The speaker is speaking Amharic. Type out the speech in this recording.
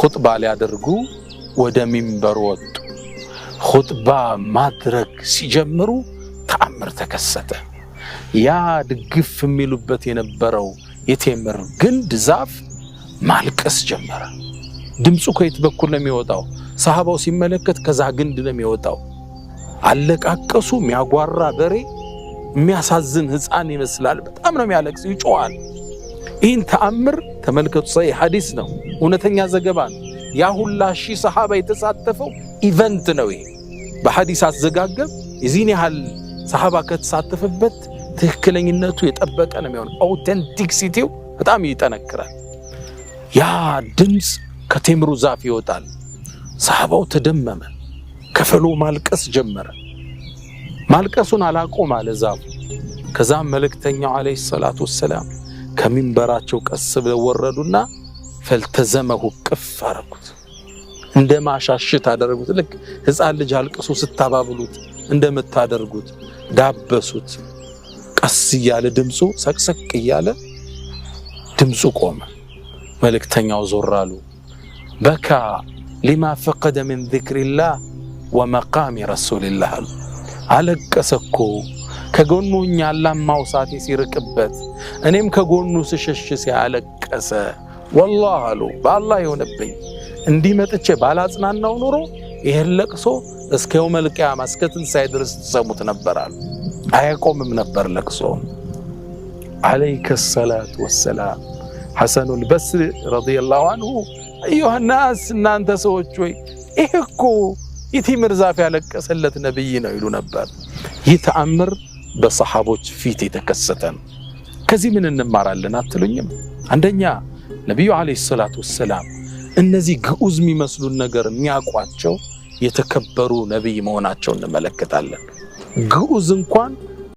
ኹጥባ ሊያደርጉ ወደ ሚንበር ወጡ። ኹጥባ ማድረግ ሲጀምሩ ተአምር ተከሰተ። ያ ድግፍ የሚሉበት የነበረው የቴምር ግንድ ዛፍ ማልቀስ ጀመረ። ድምፁ ከየት በኩል ነው የሚወጣው? ሰሃባው ሲመለከት ከዛ ግንድ ነው የሚወጣው። አለቃቀሱ የሚያጓራ በሬ፣ የሚያሳዝን ሕፃን ይመስላል። በጣም ነው የሚያለቅስ፣ ይጮዋል። ይህን ተአምር ተመልከቱ። ሰሂህ ሐዲስ ነው፣ እውነተኛ ዘገባ ነው። ያ ሁላ ሺህ ሰሓባ የተሳተፈው ኢቨንት ነው። ይሄ በሐዲስ አዘጋገብ የዚህን ያህል ሰሓባ ከተሳተፈበት ትክክለኝነቱ የጠበቀ ነው የሚሆነው። አውተንቲክሲቲው በጣም ይጠነክራል። ያ ድምፅ ከቴምሩ ዛፍ ይወጣል። ሰሓባው ተደመመ፣ ከፈሎ ማልቀስ ጀመረ። ማልቀሱን አላቆም አለ ዛፉ። ከዛም መልእክተኛው ዓለይሂ ሰላቱ ወሰላም ከሚንበራቸው ቀስ ብለው ወረዱና ፈልተዘመሁ ቅፍ አረጉት። እንደ ማሻሽት አደረጉት። ልክ ሕፃን ልጅ አልቅሱ ስታባብሉት እንደምታደርጉት ዳበሱት። ቀስ እያለ ድምፁ ሰቅሰቅ እያለ ድምፁ ቆመ። መልእክተኛው ዞር አሉ። በካ ሊማ ፈቀደ ምን ዚክሪላህ ወመቃሚ ረሱልላህ አሉ። አለቀሰኮ ከጎኑ ሆኜ አላማው ሲርቅበት፣ እኔም ከጎኑ ስሸሽ ሲያለቀሰ ወላሂ አሉ በአላህ የሆነብኝ እንዲህ መጥቼ ባላጽናናው ኑሮ ይህን ለቅሶ እስከ የውመል ቂያማ እስከ ትንሣኤ ትሰሙት ነበር አሉ። አያቆምም ነበር ለቅሶ። አለይከ ሰላት ወሰላም ሐሰኑል በስሪ ረዲየላሁ አንሁ አዩሃ እናንተ ሰዎች ወይ ይህ እኮ ይቲምር ዛፍ ያለቀሰለት ነብይ ነው ይሉ ነበር። ይህ ተአምር በሰሓቦች ፊት የተከሰተ ነው። ከዚህ ምን እንማራለን አትሉኝም? አንደኛ ነቢዩ ዓለይሂ ሰላቱ ወሰላም እነዚህ ግዑዝ የሚመስሉን ነገር የሚያውቋቸው የተከበሩ ነቢይ መሆናቸው እንመለከታለን። ግዑዝ እንኳን